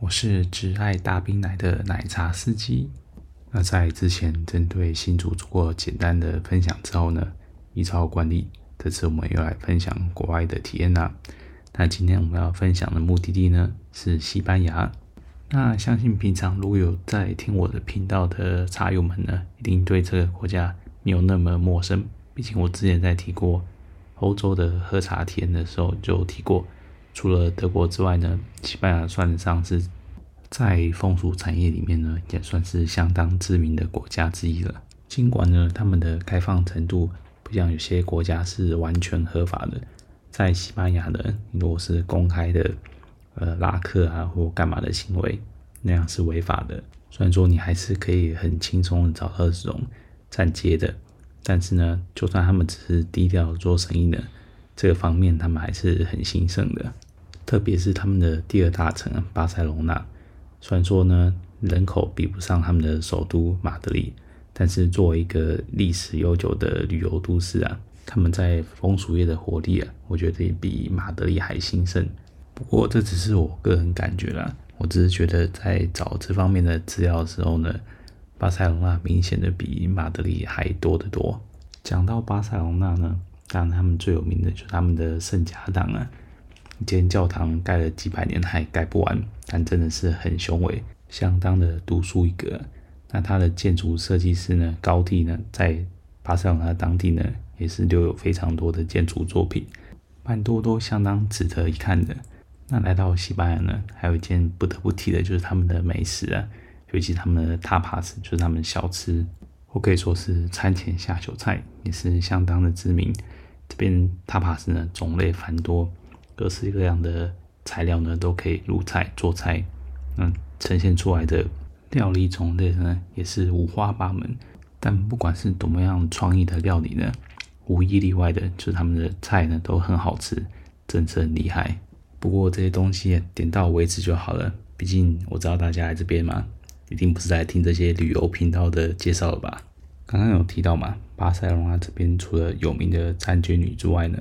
我是只愛大冰奶的奶茶司機。那在之前針對新竹做過簡單的分享之後呢，依照慣例，這次我們又來分享國外的體驗啦。那今天我們要分享的目的地呢，是西班牙。那相信平常如果有在聽我的頻道的茶友們呢，一定對這個國家沒有那麼陌生。畢竟我之前在提過歐洲的喝茶體驗的時候就提過。除了德國之外呢，西班牙算得上是，在風俗產業裡面呢，也算是相當知名的國家之一了。儘管呢，他們的開放程度不像有些國家是完全合法的，在西班牙呢，如果是公開的，呃，拉客啊或幹嘛的行為，那樣是違法的。雖然說你還是可以很輕鬆的找到這種站街的，但是呢，就算他們只是低調做生意呢，這個方面他們還是很興盛的。特別是他們的第二大城巴塞隆納，雖然說呢，人口比不上他們的首都馬德里，但是作為一個歷史悠久的旅遊都市啊，他們在風俗業的活力啊，我覺得也比馬德里還興盛。不過這只是我個人感覺啦，我只是覺得在找這方面的資料的時候呢，巴塞隆納明顯的比馬德里還多得多。講到巴塞隆納呢，當然他們最有名的就是他們的聖家堂啊。一間教堂蓋了幾百年還蓋不完，但真的是很雄偉，相當的獨樹一格。那它的建築設計師呢，高地呢，在巴賽隆納當地呢，也是留有非常多的建築作品，蠻多多相當值得一看的。那來到西班牙呢，還有一件不得不提的就是他們的美食啊，尤其他們的 tapas，就是他們小吃，或可以說是餐前下酒菜，也是相當的知名。這邊 tapas 呢，種類繁多。各式各樣的材料呢，都可以入菜做菜，那呈現出來的料理種類呢，也是五花八門。但不管是怎麼樣創意的料理呢，無一例外的就是他們的菜呢，都很好吃，真的很厲害。不過這些東西點到為止就好了，畢竟我知道大家來這邊嘛，一定不是來聽這些旅遊頻道的介紹了吧？剛剛有提到嘛，巴塞隆納這邊除了有名的站街女之外呢，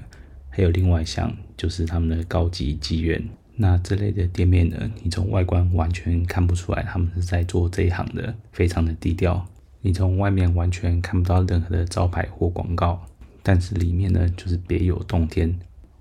還有另外一項。就是他們的高級妓院，那這類的店面呢，你從外觀完全看不出來他們是在做這一行的，非常的低調。你從外面完全看不到任何的招牌或廣告，但是裡面呢，就是別有洞天。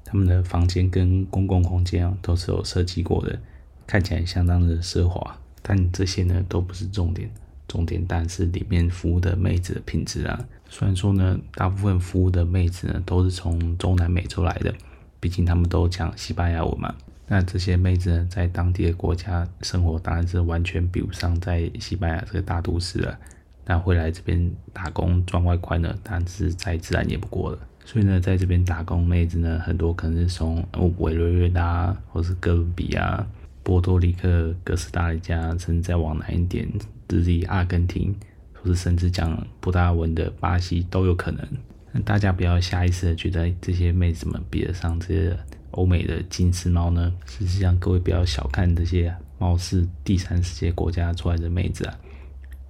他們的房間跟公共空間啊，都是有設計過的，看起來相當的奢華。但這些呢，都不是重點，重點但是裡面服務的妹子的品質啊，雖然說呢，大部分服務的妹子呢，都是從中南美洲來的。畢竟他們都講西班牙文嘛，那這些妹子呢，在當地的國家生活當然是完全比不上在西班牙這個大都市了。那會來這邊打工賺外快呢，當然是再自然也不過了。所以呢，在這邊打工妹子呢，很多可能是從委內瑞拉、啊，或是哥倫比亞、啊、波多黎各、哥斯達黎加，甚至再往南一點，直抵阿根廷，或是甚至講葡萄牙文的巴西都有可能。那大家不要下意識的覺得這些妹子們比得上這些歐美的金絲貓呢？實際上，各位不要小看這些貌似第三世界國家出來的妹子啊，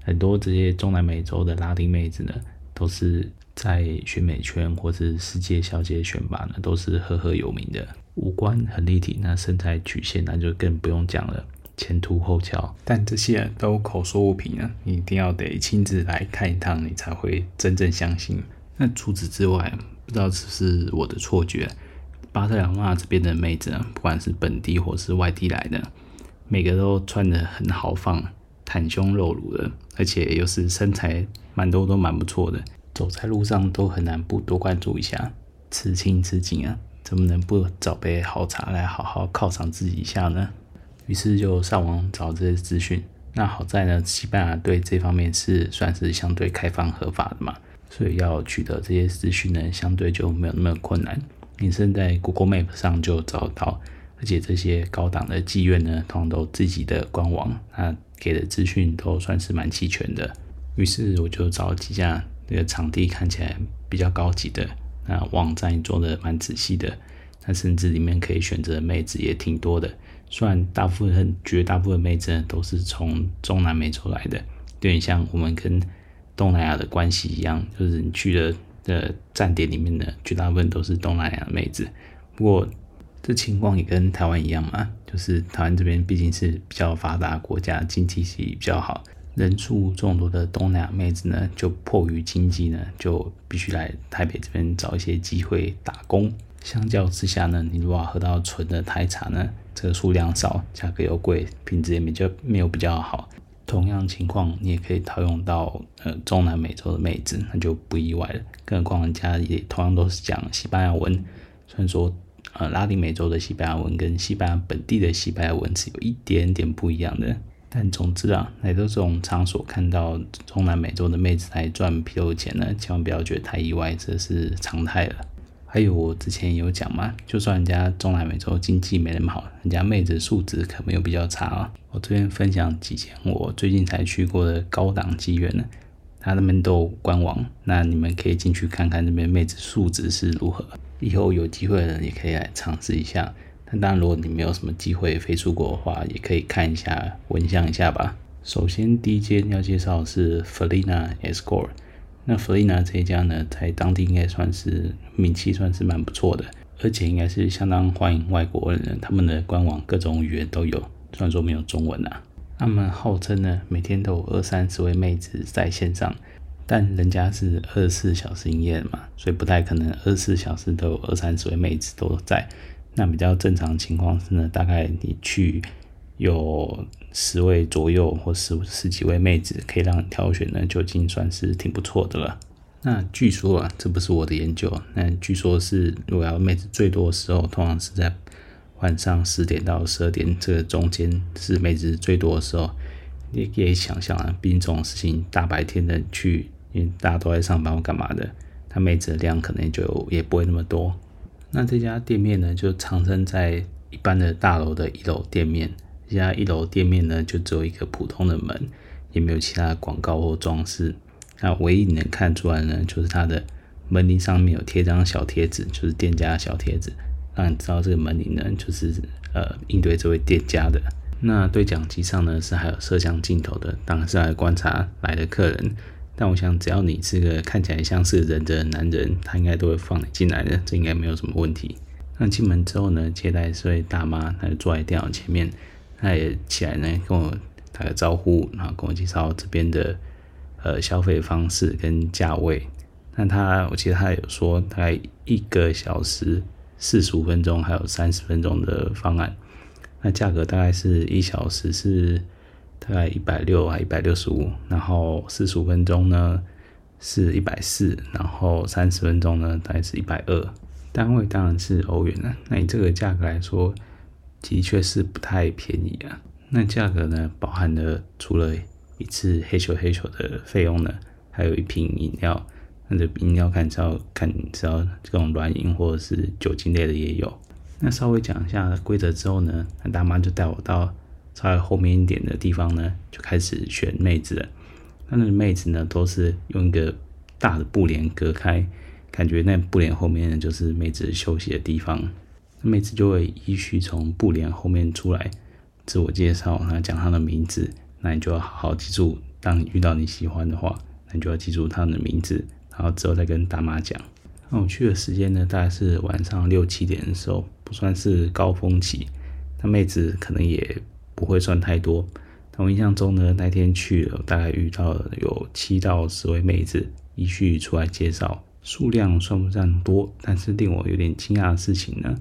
很多這些中南美洲的拉丁妹子呢，都是在選美圈或是世界小姐選拔呢，都是赫赫有名的，五官很立體，那身材曲線那就更不用講了前途、前凸後翹。但這些都口說無憑啊，你一定要得親自來看一趟，你才會真正相信。那除此之外，不知道是不是我的錯覺，巴塞羅那這邊的妹子，不管是本地或是外地來的，每個都穿得很豪放，袒胸露乳的，而且又是身材蠻多都蠻不錯的，走在路上都很難不多關注一下。此情此景啊，怎麼能不找杯好茶來好好犒賞自己一下呢？於是就上網找這些資訊。那好在呢，西班牙對這方面是算是相對開放合法的嘛。所以要取得這些資訊呢，相對就沒有那麼困難。你是在 Google Map 上就找到，而且這些高檔的妓院呢，通常都有自己的官網，那給的資訊都算是蠻齊全的。於是我就找幾家那、這個場地看起來比較高級的，那網站做的蠻仔細的，那甚至裡面可以選擇的妹子也挺多的。雖然大部分、絕大部分的妹子呢都是從中南美洲來的，有點像我們跟。東南亞的關係一樣，就是你去的站點裡面的絕大部分都是東南亞的妹子。不過這情況也跟台灣一樣嘛，就是台灣這邊畢竟是比較發達國家，經濟係比較好，人數眾多的東南亞妹子呢，就迫於經濟呢，就必須來台北這邊找一些機會打工。相較之下呢，你如果喝到純的台茶呢，這個數量少，價格又貴，品質也沒，就沒有比較好。同樣情況，你也可以套用到呃、中南美洲的妹子，那就不意外了。更何況人家也同樣都是講西班牙文，雖然說呃、拉丁美洲的西班牙文跟西班牙本地的西班牙文是有一點點不一樣的，但總之啊，來到這種場所看到中南美洲的妹子來賺皮肉錢呢，千萬不要覺得太意外，這是常態了。還有我之前有講嘛，就算人家中南美洲經濟沒那麼好，人家妹子素質可沒有比較差啊。我這邊分享幾間我最近才去過的高檔妓院，它他們都有官網，那你們可以進去看看那邊妹子素質是如何。以後有機會的人也可以來嘗試一下，但當然如果你沒有什麼機會飛出國的話，也可以看一下聞香一下吧。首先第一間要介紹的是 Felina Escort。那 Felina 這家呢，在當地應該算是名氣算是蠻不錯的，而且應該是相當歡迎外國人。他們的官網各種語言都有，雖然說沒有中文吶、啊。他們號稱呢，每天都有二三十位妹子在線上，但人家是二十四小時營業的嘛，所以不太可能二十四小時都有二三十位妹子都在。那比較正常情況是呢，大概你去有。十位左右或十十幾位妹子可以讓你挑選呢，就已經算是挺不錯的了。那據說啊，這不是我的研究，那據說是如果要妹子最多的時候，通常是在晚上十點到十二點這個中間是妹子最多的時候。你也，也想想啊，畢竟這種事情大白天的去，因為大家都在上班或幹嘛的，他妹子的量可能就也不會那麼多。那這家店面呢，就藏身在一般的大樓的一樓店面。家一樓店面呢，就只有一個普通的門，也沒有其他廣告或裝飾。那唯一能看出來呢，就是它的門鈴上面有貼張小貼紙，就是店家的小貼紙，讓你知道這個門鈴呢，就是呃應對這位店家的。那對講機上呢，是還有攝像鏡頭的，當然是來觀察來的客人。但我想，只要你是個看起來像是人的男人，他應該都會放你進來的，這應該沒有什麼問題。那進門之後呢，接待這位大媽，她就坐在電腦前面。他也起來呢，跟我打個招呼，然後跟我介紹這邊的呃消費方式跟價位。那他，我記得他有說，大概一個小時、四十五分鐘還有三十分鐘的方案。那價格大概是一小時是大概一百六還一百六十五，然後四十五分鐘呢是一百四，然後三十分鐘呢大概是一百二。單位當然是歐元了。那以這個價格來說，的確是不太便宜啊。那價格呢，包含了除了一次嘿咻嘿咻的費用呢，還有一瓶飲料。那這飲料看是要看是要這種軟飲或者是酒精類的也有。那稍微講一下規則之後呢，那大媽就帶我到稍微後面一點的地方呢，就開始選妹子了。那那妹子呢，都是用一個大的布簾隔開，感覺那布簾後面就是妹子休息的地方。那妹子就會依序從布簾後面出來自我介紹，然後講她的名字，那你就要好好記住。當你遇到你喜歡的話，那你就要記住她的名字，然後之後再跟大媽講。那我去的時間呢，大概是晚上六七點的時候，不算是高峰期，那妹子可能也不會算太多。但我印象中呢，那天去了大概遇到有七到十位妹子，依序出來介紹，數量算不上多，但是令我有點驚訝的事情呢。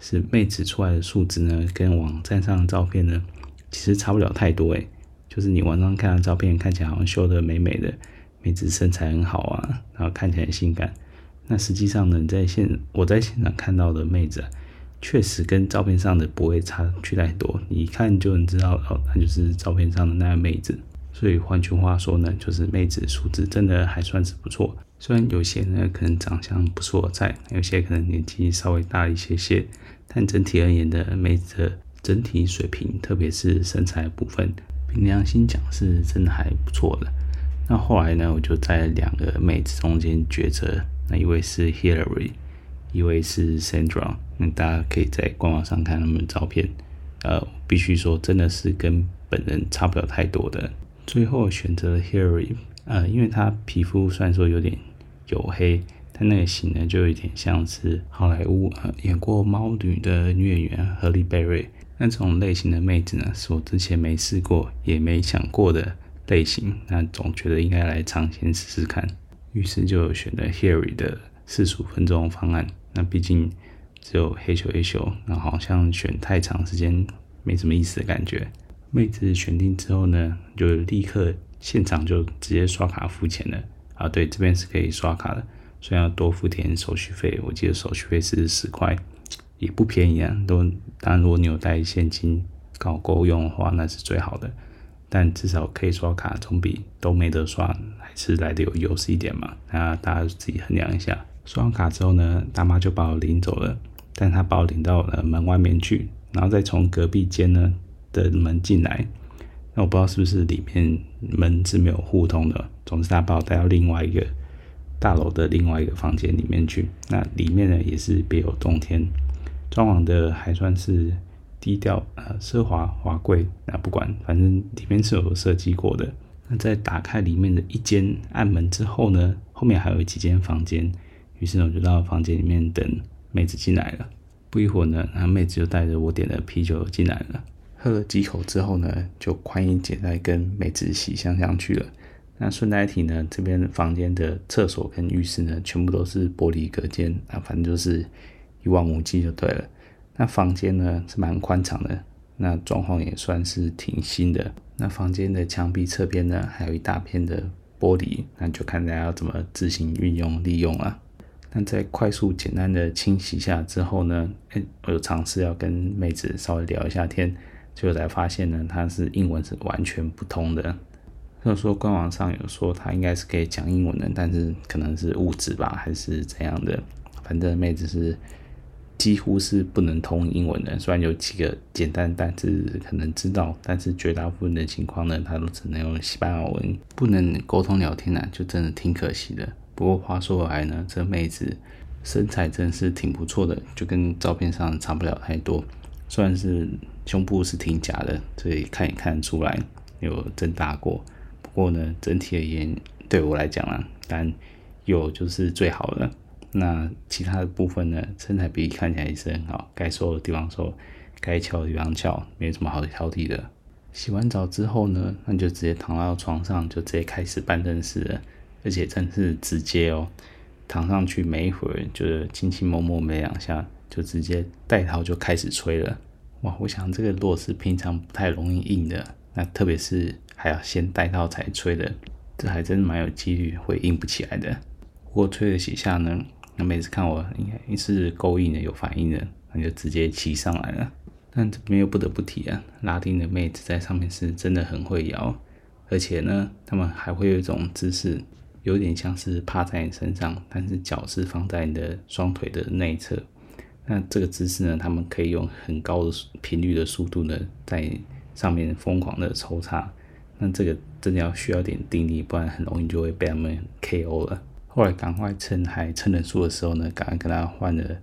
是妹子出來的素質呢，跟網站上的照片呢，其實差不了太多誒，就是你網上看的照片，看起來好像修得美美的，妹子身材很好啊，然後看起來很性感。那實際上呢，在現我在現場看到的妹子啊，確實跟照片上的不會差去太多，你一看就能知道哦，那就是照片上的那個妹子。所以換句話說呢，就是妹子的素質真的還算是不錯。雖然有些人可能長相不是我菜，有些可能年紀稍微大一些些，但整體而言的妹子的整體水平，特別是身材的部分，憑良心講是真的還不錯的。那後來呢，我就在兩個妹子中間抉擇，那一位是 Hillary，一位是 Sandra，那大家可以在官網上看她們的照片，呃，必須說真的是跟本人差不了太多的。最後選擇了 Hillary，呃，因為她皮膚雖然說有點。黝黑，但那個型呢，就有點像是好萊塢、呃、演過《貓女》的女演員荷莉貝瑞。那這種類型的妹子呢，是我之前沒試過也沒想過的類型。那總覺得應該來嘗鮮試試看，於是就選擇 Harry 的四十五分鐘方案。那畢竟只有嘿咻嘿咻，那好像選太長時間沒什麼意思的感覺。妹子選定之後呢，就立刻現場就直接刷卡付錢了。啊，對，這邊是可以刷卡的，雖然多付點手續費，我記得手續費是十塊，也不便宜啊。都，當然如果你有帶現金剛好夠用的話，那是最好的。但至少可以刷卡，總比都沒得刷還是來得有優勢一點嘛。那大家自己衡量一下。刷完卡之後呢，大媽就把我領走了，但她把我領到了門外面去，然後再從隔壁間呢的門進來。那我不知道是不是裡面門是沒有互通的，總之他把我帶到另外一個大樓的另外一個房間裡面去。那裡面呢也是別有洞天，裝潢的還算是低調呃奢華華貴。那不管，反正裡面是有設計過的。那在打開裡面的一間暗門之後呢，後面還有幾間房間。於是呢我就到房間裡面等妹子進來了。不一會兒呢，那妹子就帶着我點的啤酒進來了。喝了幾口之後呢，就寬衣解帶跟妹子洗香香去了。那順帶一提呢，這邊房間的廁所跟浴室呢，全部都是玻璃隔間啊，那反正就是一望無際就對了。那房間呢是蠻寬敞的，那狀況也算是挺新的。那房間的牆壁側邊呢，還有一大片的玻璃，那就看大家要怎麼自行運用利用了，啊。那在快速簡單的清洗下之後呢，欸、我有嘗試要跟妹子稍微聊一下天。就才發現呢，她是英文是完全不通的。要說官網上有說她應該是可以講英文的，但是可能是誤植吧，還是怎樣的？反正妹子是幾乎是不能通英文的，雖然有幾個簡單單字，但是可能知道，但是絕大部分的情況呢，她都只能用西班牙文，不能溝通聊天呢、啊，就真的挺可惜的。不過話說回來呢，這妹子身材真是挺不錯的，就跟照片上差不了太多，算是。胸部是挺假的，這裡看也看得出來有增大過。不過呢，整體而言，對我來講啊，但有就是最好的。那其他的部分呢，身材比例看起來也是很好，該瘦的地方瘦，該翹的地方翹，沒什麼好挑剔的。洗完澡之後呢，那就直接躺到床上，就直接開始辦正事了，而且真是直接哦、喔，躺上去沒一會兒，就是輕輕摸摸沒兩下，就直接戴套就開始吹了。哇，我想這個若是平常不太容易硬的，那特別是還要先戴套才吹的，這還真蠻有幾率會硬不起來的。不過吹了幾下呢，那妹子看我應該是勾引的有反應的，那就直接騎上來了。但這邊又不得不提啊，拉丁的妹子在上面是真的很會搖，而且呢，她們還會有一種姿勢，有點像是趴在你身上，但是腳是放在你的雙腿的內側。那這個姿勢呢，他們可以用很高的頻率的速度呢，在上面瘋狂的抽插。那這個真的要需要點定力，不然很容易就會被他們 KO 了。後來趕快趁還撐得住的時候呢，趕快跟他換了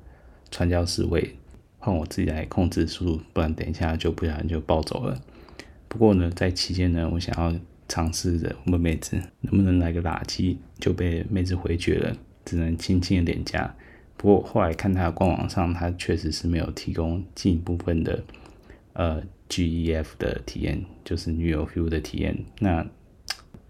傳教士位，換我自己來控制速度，不然等一下就不然就暴走了。不過呢，在期間呢，我想要嘗試着問妹子能不能來個打擊，就被妹子回絕了，只能輕輕的點頰。不過後來看他官網上，他確實是沒有提供進一部分的呃 G E F 的體驗，就是女友 feel 的體驗，那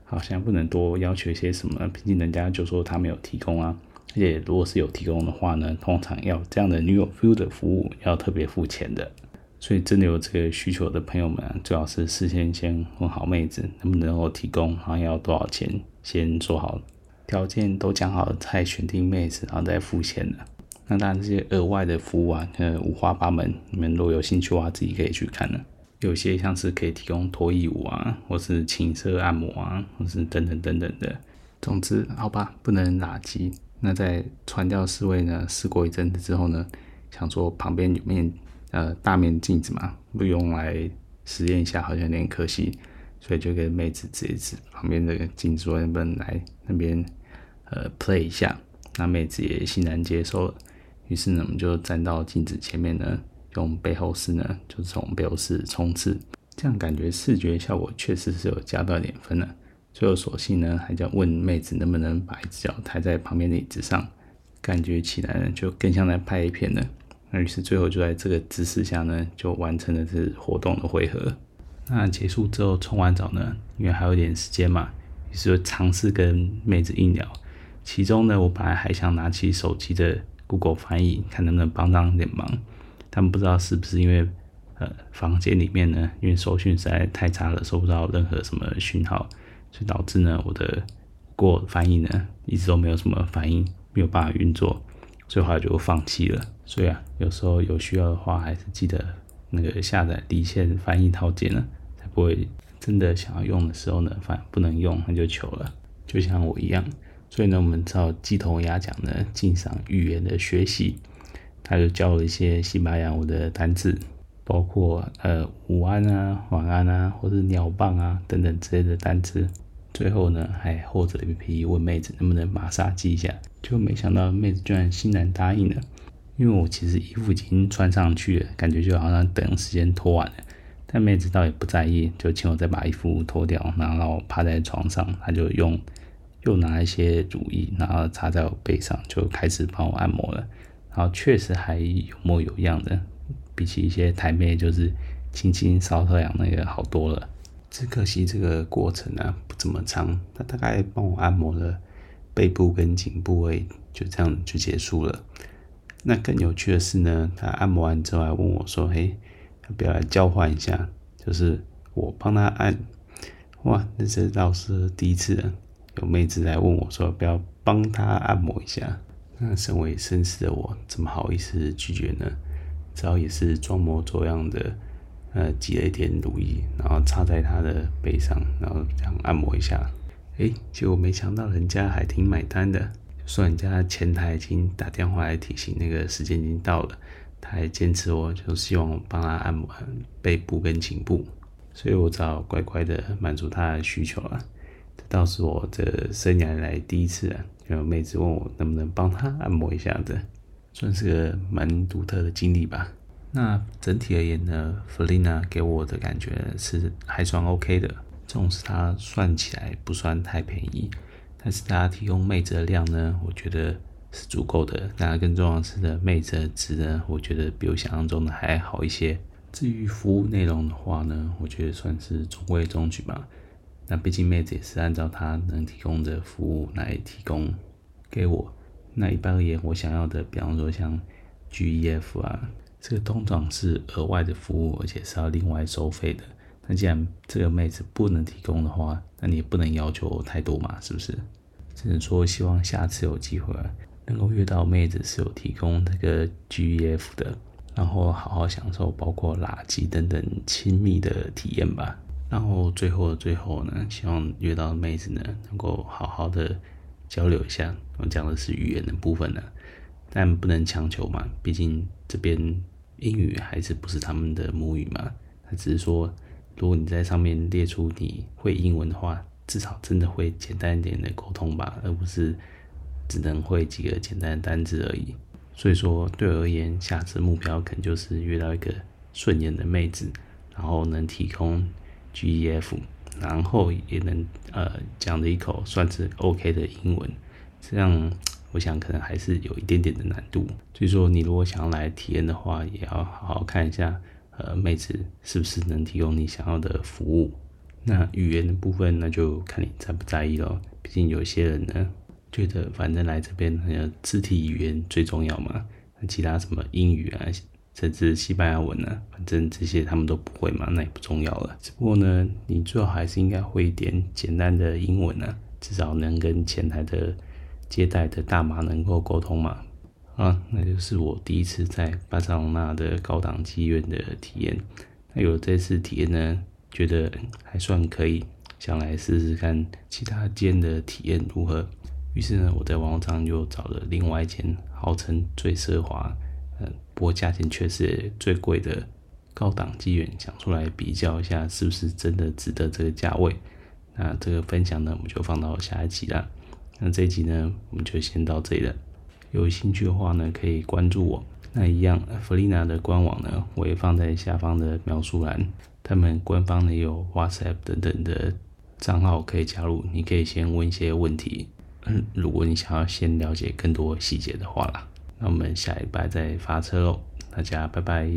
好像不能多要求一些什麼，畢竟人家就說他沒有提供啊。而且如果是有提供的話呢，通常要這樣的女友 feel 的服務要特別付錢的，所以真的有這個需求的朋友們啊，最好是事先先問好妹子能不能夠提供，好像要多少錢，先做好。條件都講好，再選定妹子，然後再付錢的。那當然，這些額外的服務啊，呃，五花八門，你們如果有興趣的話，自己可以去看的。有些像是可以提供脫衣舞啊，或是情色按摩啊，或是等等等等的。總之，好吧，不能打擊。那在傳教士位呢，試過一陣子之後呢，想說旁邊有面呃大面鏡子嘛，不用來實驗一下，好像有點可惜，所以就給妹子指一指旁邊這個鏡子，能不能來那邊。呃，play 一下，那妹子也欣然接受了。於是呢，我們就站到鏡子前面呢，用背後式呢，就從背後式衝刺，這樣感覺視覺效果確實是有加到點分了。最後索性呢，還叫問妹子能不能把一隻腳抬在旁邊的椅子上，感覺起來呢就更像在拍一片呢。那於是最後就在這個姿勢下呢，就完成了這次活動的回合。那結束之後沖完澡呢，因為還有點時間嘛，於是就嘗試跟妹子硬聊。其中呢，我本來還想拿起手機的 Google 翻譯，看能不能幫上點忙，但不知道是不是因為，呃，房間裡面呢，因為收訊實在太差了，收不到任何什麼訊號，所以導致呢，我的 Google 翻譯呢，一直都沒有什麼反應，沒有辦法運作，所以後來就放棄了。所以啊，有時候有需要的話，還是記得那個下載離線翻譯套件呢，才不會真的想要用的時候呢，反不能用，那就糗了，就像我一樣。所以呢，我們只好雞同鴨講呢，盡賞語言的學習，他就教了一些西班牙語的單詞，包括呃午安啊、晚安啊，或是鳥棒啊等等之類的單詞。最後呢，還厚着臉皮問妹子能不能馬殺雞一下，就沒想到妹子居然欣然答應了。因為我其實衣服已經穿上去了，感覺就好像等時間脫完了，但妹子倒也不在意，就請我再把衣服脫掉，然後讓我趴在床上，她就用。就拿一些乳液，然後擦在我背上，就開始幫我按摩了。然後確實還有模有樣的，比起一些台妹，就是輕輕搔搔癢那個好多了。只可惜這個過程，啊，不怎麼長，他大概幫我按摩了背部跟頸部，欸，位，就這樣就結束了。那更有趣的是呢，他按摩完之後還問我說：“哎，要不要來交換一下？就是我幫他按。”哇，那這倒是第一次。有妹子來問我說：“要不要幫他按摩一下？”那身為紳士的我，怎麼好意思拒絕呢？只好也是裝模作樣的，呃，擠了一點乳液，然後擦在他的背上，然後這樣按摩一下。哎、欸，結果沒想到人家還挺買單的，說人家前台已經打電話來提醒那個時間已經到了，他還堅持，我就希望我幫他按摩背部跟頸部，所以我只好乖乖的滿足他的需求了，啊。倒是我這生涯來第一次啊，有妹子問我能不能幫她按摩一下子，算是個蠻獨特的經歷吧。那整體而言呢 Felina 給我的感覺是還算 OK 的。重視它算起來不算太便宜，但是大家提供妹子的量呢，我覺得是足夠的。當然，更重要的是呢，妹子的值呢，我覺得比我想象中的還好一些。至於服務內容的話呢，我覺得算是中規中矩吧。那畢竟妹子也是按照她能提供的服務來提供給我。那一般而言，我想要的，比方說像 GFE 啊，這個通常是額外的服務，而且是要另外收費的。那既然這個妹子不能提供的話，那你也不能要求太多嘛，是不是？只能說希望下次有機會啊，能夠遇到妹子是有提供這個 GFE 的，然後好好享受包括喇舌等等親密的體驗吧。然後最後的最後呢，希望約到的妹子呢，能夠好好的交流一下。我講的是語言的部分呢、啊，但不能強求嘛，畢竟這邊英語還是不是他們的母語嘛。他只是說，如果你在上面列出你會英文的話，至少真的會簡單一點的溝通吧，而不是只能會幾個簡單的單字而已。所以說，對我而言，下次目標可能就是約到一個順眼的妹子，然後能提供。G E F，然後也能呃講了一口算是 OK 的英文，這樣我想可能還是有一點點的難度。所以說，你如果想要來體驗的話，也要好好看一下呃妹子是不是能提供你想要的服務。那語言的部分，那就看你在不在意咯，畢竟有些人呢覺得反正來這邊，肢體語言最重要嘛，那其他什麼英語啊。甚至西班牙文呢、啊，反正這些他們都不會嘛，那也不重要了。只不過呢，你最好還是應該會一點簡單的英文呢、啊，至少能跟前台的接待的大媽能夠溝通嘛。好啊，那就是我第一次在巴賽隆納的高檔妓院的體驗。那有了這次體驗呢，覺得還算可以，想來試試看其他間的體驗如何。於是呢，我在網上又找了另外一間號稱最奢華。呃、嗯，不過價錢卻是最貴的高檔妓院，講出來比較一下，是不是真的值得這個價位？那這個分享呢，我們就放到下一集了。那這一集呢，我們就先到這裡了。有興趣的話呢，可以關注我。那一樣，弗利娜的官網呢，我也放在下方的描述欄。他們官方呢有 WhatsApp 等等的賬號可以加入，你可以先問一些問題。嗯，如果你想要先了解更多細節的話啦。那我們下禮拜再發車嘍，大家拜拜。